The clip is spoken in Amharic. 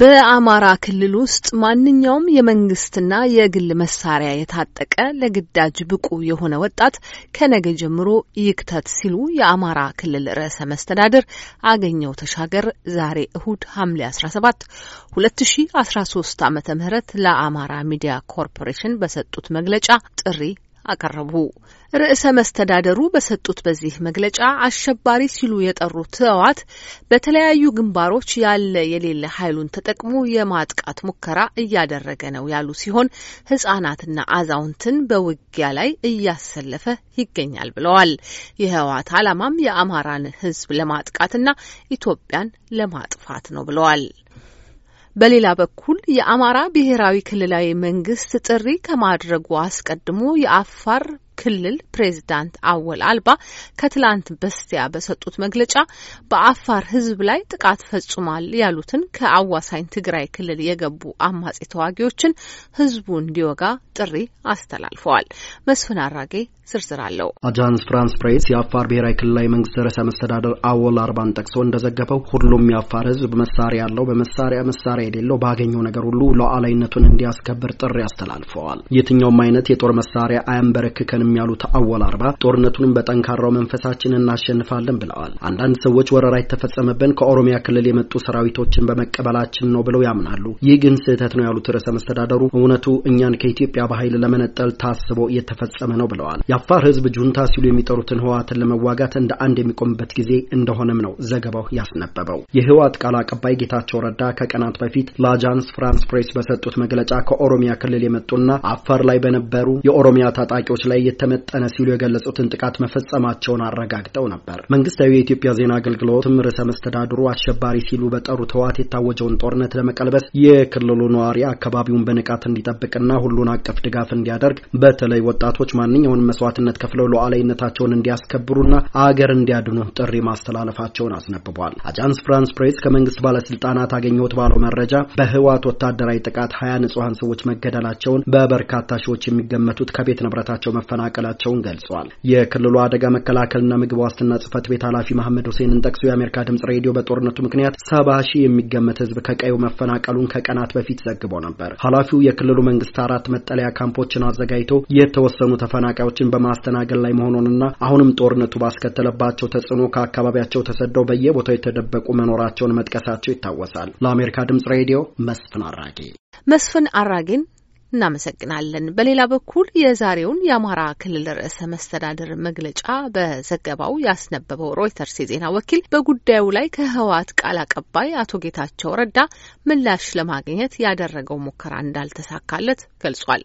በአማራ ክልል ውስጥ ማንኛውም የመንግስትና የግል መሳሪያ የታጠቀ ለግዳጅ ብቁ የሆነ ወጣት ከነገ ጀምሮ ይክተት ሲሉ የአማራ ክልል ርዕሰ መስተዳደር አገኘው ተሻገር ዛሬ እሁድ ሐምሌ 17 2013 ዓ.ም ለአማራ ሚዲያ ኮርፖሬሽን በሰጡት መግለጫ ጥሪ አቀረቡ። ርዕሰ መስተዳደሩ በሰጡት በዚህ መግለጫ አሸባሪ ሲሉ የጠሩት ህወሓት በተለያዩ ግንባሮች ያለ የሌለ ኃይሉን ተጠቅሞ የማጥቃት ሙከራ እያደረገ ነው ያሉ ሲሆን ህጻናትና አዛውንትን በውጊያ ላይ እያሰለፈ ይገኛል ብለዋል። የህወሓት ዓላማም የአማራን ህዝብ ለማጥቃትና ኢትዮጵያን ለማጥፋት ነው ብለዋል። በሌላ በኩል የአማራ ብሔራዊ ክልላዊ መንግስት ጥሪ ከማድረጉ አስቀድሞ የአፋር ክልል ፕሬዚዳንት አወል አልባ ከትላንት በስቲያ በሰጡት መግለጫ በአፋር ሕዝብ ላይ ጥቃት ፈጽሟል ያሉትን ከአዋሳኝ ትግራይ ክልል የገቡ አማጺ ተዋጊዎችን ሕዝቡ እንዲወጋ ጥሪ አስተላልፈዋል። መስፍን አራጌ ዝርዝር አለው። አጃንስ ፍራንስ ፕሬስ የአፋር ብሔራዊ ክልላዊ መንግስት ርዕሰ መስተዳደር አወል አርባን ጠቅሶ እንደዘገበው ሁሉም የአፋር ህዝብ መሳሪያ ያለው በመሳሪያ መሳሪያ የሌለው ባገኘው ነገር ሁሉ ሉዓላዊነቱን እንዲያስከብር ጥሪ አስተላልፈዋል። የትኛውም አይነት የጦር መሳሪያ አያንበረክከንም አይደለም ያሉት አወል አርባ ጦርነቱንም በጠንካራው መንፈሳችን እናሸንፋለን ብለዋል። አንዳንድ ሰዎች ወረራ የተፈጸመብን ከኦሮሚያ ክልል የመጡ ሰራዊቶችን በመቀበላችን ነው ብለው ያምናሉ። ይህ ግን ስህተት ነው ያሉት ርዕሰ መስተዳደሩ እውነቱ እኛን ከኢትዮጵያ በኃይል ለመነጠል ታስቦ እየተፈጸመ ነው ብለዋል። የአፋር ህዝብ ጁንታ ሲሉ የሚጠሩትን ህወሓትን ለመዋጋት እንደ አንድ የሚቆምበት ጊዜ እንደሆነም ነው ዘገባው ያስነበበው። የህወሓት ቃል አቀባይ ጌታቸው ረዳ ከቀናት በፊት ለአጃንስ ፍራንስ ፕሬስ በሰጡት መግለጫ ከኦሮሚያ ክልል የመጡና አፋር ላይ በነበሩ የኦሮሚያ ታጣቂዎች ላይ የተመጠነ ሲሉ የገለጹትን ጥቃት መፈጸማቸውን አረጋግጠው ነበር። መንግስታዊ የኢትዮጵያ ዜና አገልግሎትም ርዕሰ መስተዳድሩ አሸባሪ ሲሉ በጠሩት ህወሓት የታወጀውን ጦርነት ለመቀልበስ የክልሉ ነዋሪ አካባቢውን በንቃት እንዲጠብቅና ሁሉን አቀፍ ድጋፍ እንዲያደርግ በተለይ ወጣቶች ማንኛውንም መስዋዕትነት ከፍለው ሉዓላዊነታቸውን እንዲያስከብሩና አገር እንዲያድኑ ጥሪ ማስተላለፋቸውን አስነብቧል። አጃንስ ፍራንስ ፕሬስ ከመንግስት ባለስልጣናት አገኘሁት ባለው መረጃ በህወሓት ወታደራዊ ጥቃት ሀያ ንጹሐን ሰዎች መገደላቸውን በበርካታ ሺዎች የሚገመቱት ከቤት ንብረታቸው መፈናቀ መቀላቀላቸውን ገልጿል። የክልሉ አደጋ መከላከልና ምግብ ዋስትና ጽህፈት ቤት ኃላፊ መሐመድ ሁሴንን ጠቅሶ የአሜሪካ ድምጽ ሬዲዮ በጦርነቱ ምክንያት ሰባ ሺህ የሚገመት ህዝብ ከቀዩ መፈናቀሉን ከቀናት በፊት ዘግቦ ነበር። ኃላፊው የክልሉ መንግስት አራት መጠለያ ካምፖችን አዘጋጅቶ የተወሰኑ ተፈናቃዮችን በማስተናገድ ላይ መሆኑንና አሁንም ጦርነቱ ባስከተለባቸው ተጽዕኖ ከአካባቢያቸው ተሰደው በየቦታው የተደበቁ መኖራቸውን መጥቀሳቸው ይታወሳል። ለአሜሪካ ድምጽ ሬዲዮ መስፍን አራጌ መስፍን አራጌን እናመሰግናለን። በሌላ በኩል የዛሬውን የአማራ ክልል ርዕሰ መስተዳድር መግለጫ በዘገባው ያስነበበው ሮይተርስ የዜና ወኪል በጉዳዩ ላይ ከህወሓት ቃል አቀባይ አቶ ጌታቸው ረዳ ምላሽ ለማግኘት ያደረገው ሙከራ እንዳልተሳካለት ገልጿል።